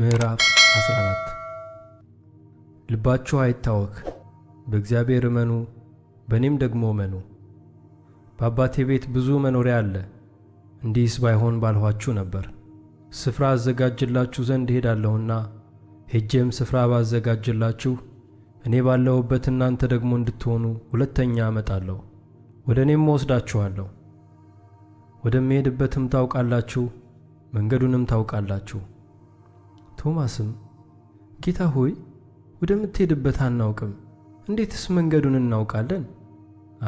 ምዕራፍ 14 ልባችሁ አይታወክ፤ በእግዚአብሔር እመኑ፣ በእኔም ደግሞ እመኑ። በአባቴ ቤት ብዙ መኖሪያ አለ፤ እንዲህስ ባይሆን ባልኋችሁ ነበር። ስፍራ አዘጋጅላችሁ ዘንድ እሄዳለሁና፣ ሄጄም ስፍራ ባዘጋጅላችሁ፣ እኔ ባለሁበት እናንተ ደግሞ እንድትሆኑ ሁለተኛ እመጣለሁ፣ ወደ እኔም እወስዳችኋለሁ። ወደምሄድበትም ታውቃላችሁ፣ መንገዱንም ታውቃላችሁ። ቶማስም ጌታ ሆይ ወደምትሄድበት አናውቅም፣ እንዴትስ መንገዱን እናውቃለን?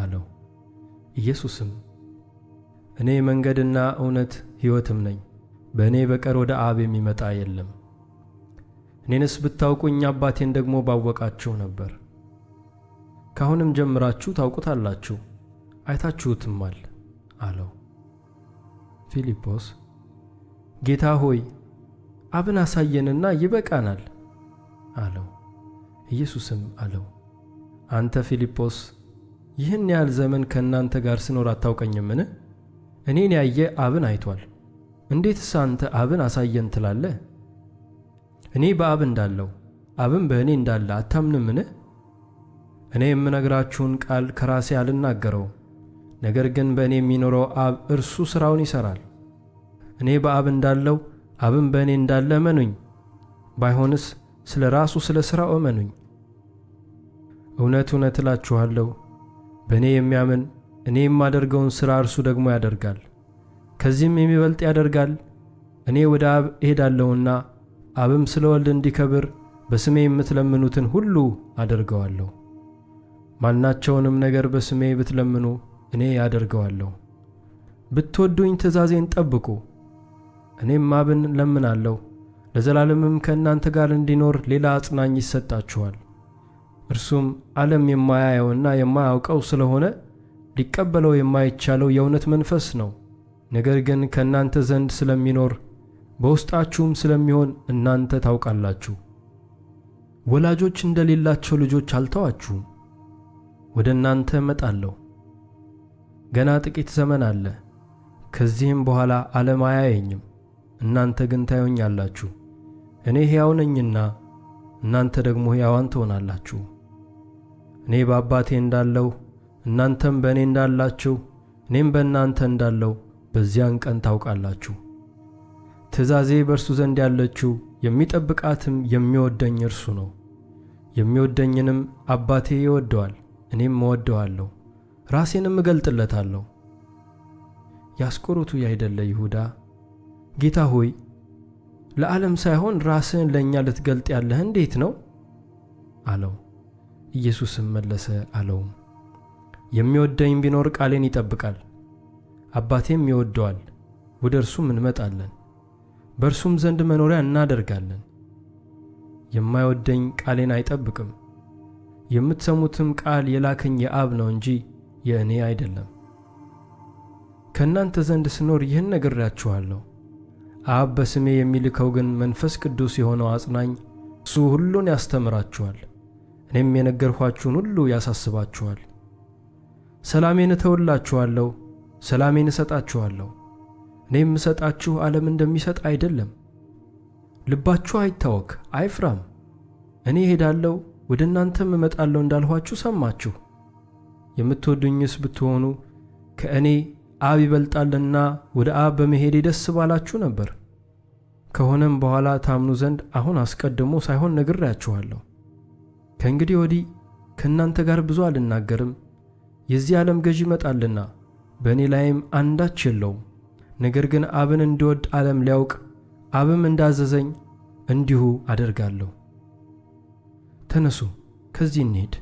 አለው። ኢየሱስም እኔ መንገድና እውነት ሕይወትም ነኝ፣ በእኔ በቀር ወደ አብ የሚመጣ የለም። እኔንስ ብታውቁኝ አባቴን ደግሞ ባወቃችሁ ነበር። ካሁንም ጀምራችሁ ታውቁታላችሁ፣ አይታችሁትማል አለው። ፊልጶስ ጌታ ሆይ አብን አሳየንና ይበቃናል አለው። ኢየሱስም አለው፣ አንተ ፊልጶስ ይህን ያህል ዘመን ከእናንተ ጋር ስኖር አታውቀኝምን? እኔን ያየ አብን አይቷል። እንዴትስ አንተ አብን አሳየን ትላለህ? እኔ በአብ እንዳለው አብን በእኔ እንዳለ አታምንምን? እኔ የምነግራችሁን ቃል ከራሴ አልናገረውም፣ ነገር ግን በእኔ የሚኖረው አብ እርሱ ሥራውን ይሠራል። እኔ በአብ እንዳለው አብም በእኔ እንዳለ እመኑኝ፤ ባይሆንስ ስለ ራሱ ስለ ሥራው እመኑኝ። እውነት እውነት እላችኋለሁ፣ በእኔ የሚያምን እኔ የማደርገውን ሥራ እርሱ ደግሞ ያደርጋል፣ ከዚህም የሚበልጥ ያደርጋል። እኔ ወደ አብ እሄዳለሁና አብም ስለ ወልድ እንዲከብር በስሜ የምትለምኑትን ሁሉ አደርገዋለሁ። ማናቸውንም ነገር በስሜ ብትለምኑ እኔ ያደርገዋለሁ። ብትወዱኝ ትእዛዜን ጠብቁ። እኔም አብን ለምናለሁ፣ ለዘላለምም ከእናንተ ጋር እንዲኖር ሌላ አጽናኝ ይሰጣችኋል። እርሱም ዓለም የማያየውና የማያውቀው ስለሆነ ሊቀበለው የማይቻለው የእውነት መንፈስ ነው። ነገር ግን ከእናንተ ዘንድ ስለሚኖር በውስጣችሁም ስለሚሆን እናንተ ታውቃላችሁ። ወላጆች እንደሌላቸው ልጆች አልተዋችሁም፤ ወደ እናንተ እመጣለሁ። ገና ጥቂት ዘመን አለ፤ ከዚህም በኋላ ዓለም አያየኝም እናንተ ግን ታዩኛላችሁ። እኔ ሕያው ነኝና እናንተ ደግሞ ሕያዋን ትሆናላችሁ። እኔ በአባቴ እንዳለሁ እናንተም በእኔ እንዳላችሁ እኔም በእናንተ እንዳለሁ በዚያን ቀን ታውቃላችሁ። ትእዛዜ በእርሱ ዘንድ ያለችው የሚጠብቃትም የሚወደኝ እርሱ ነው። የሚወደኝንም አባቴ ይወደዋል፣ እኔም እወደዋለሁ፣ ራሴንም እገልጥለታለሁ። ያስቆሮቱ ያይደለ ይሁዳ ጌታ ሆይ ለዓለም ሳይሆን ራስህን ለእኛ ልትገልጥ ያለህ እንዴት ነው አለው ኢየሱስም መለሰ አለውም የሚወደኝ ቢኖር ቃሌን ይጠብቃል አባቴም ይወደዋል ወደ እርሱም እንመጣለን በእርሱም ዘንድ መኖሪያ እናደርጋለን የማይወደኝ ቃሌን አይጠብቅም የምትሰሙትም ቃል የላከኝ የአብ ነው እንጂ የእኔ አይደለም ከእናንተ ዘንድ ስኖር ይህን ነግራችኋለሁ አብ በስሜ የሚልከው ግን መንፈስ ቅዱስ የሆነው አጽናኝ እሱ ሁሉን ያስተምራችኋል፣ እኔም የነገርኋችሁን ሁሉ ያሳስባችኋል። ሰላሜን እተውላችኋለሁ፣ ሰላሜን እሰጣችኋለሁ። እኔ የምሰጣችሁ ዓለም እንደሚሰጥ አይደለም። ልባችሁ አይታወክ አይፍራም። እኔ እሄዳለሁ ወደ እናንተም እመጣለሁ እንዳልኋችሁ ሰማችሁ። የምትወዱኝስ ብትሆኑ ከእኔ አብ ይበልጣልና ወደ አብ በመሄዴ ደስ ባላችሁ ነበር። ከሆነም በኋላ ታምኑ ዘንድ አሁን አስቀድሞ ሳይሆን ነግሬያችኋለሁ። ከእንግዲህ ወዲህ ከእናንተ ጋር ብዙ አልናገርም፣ የዚህ ዓለም ገዥ ይመጣልና በእኔ ላይም አንዳች የለውም። ነገር ግን አብን እንድወድ ዓለም ሊያውቅ አብም እንዳዘዘኝ እንዲሁ አደርጋለሁ። ተነሱ፣ ከዚህ እንሄድ።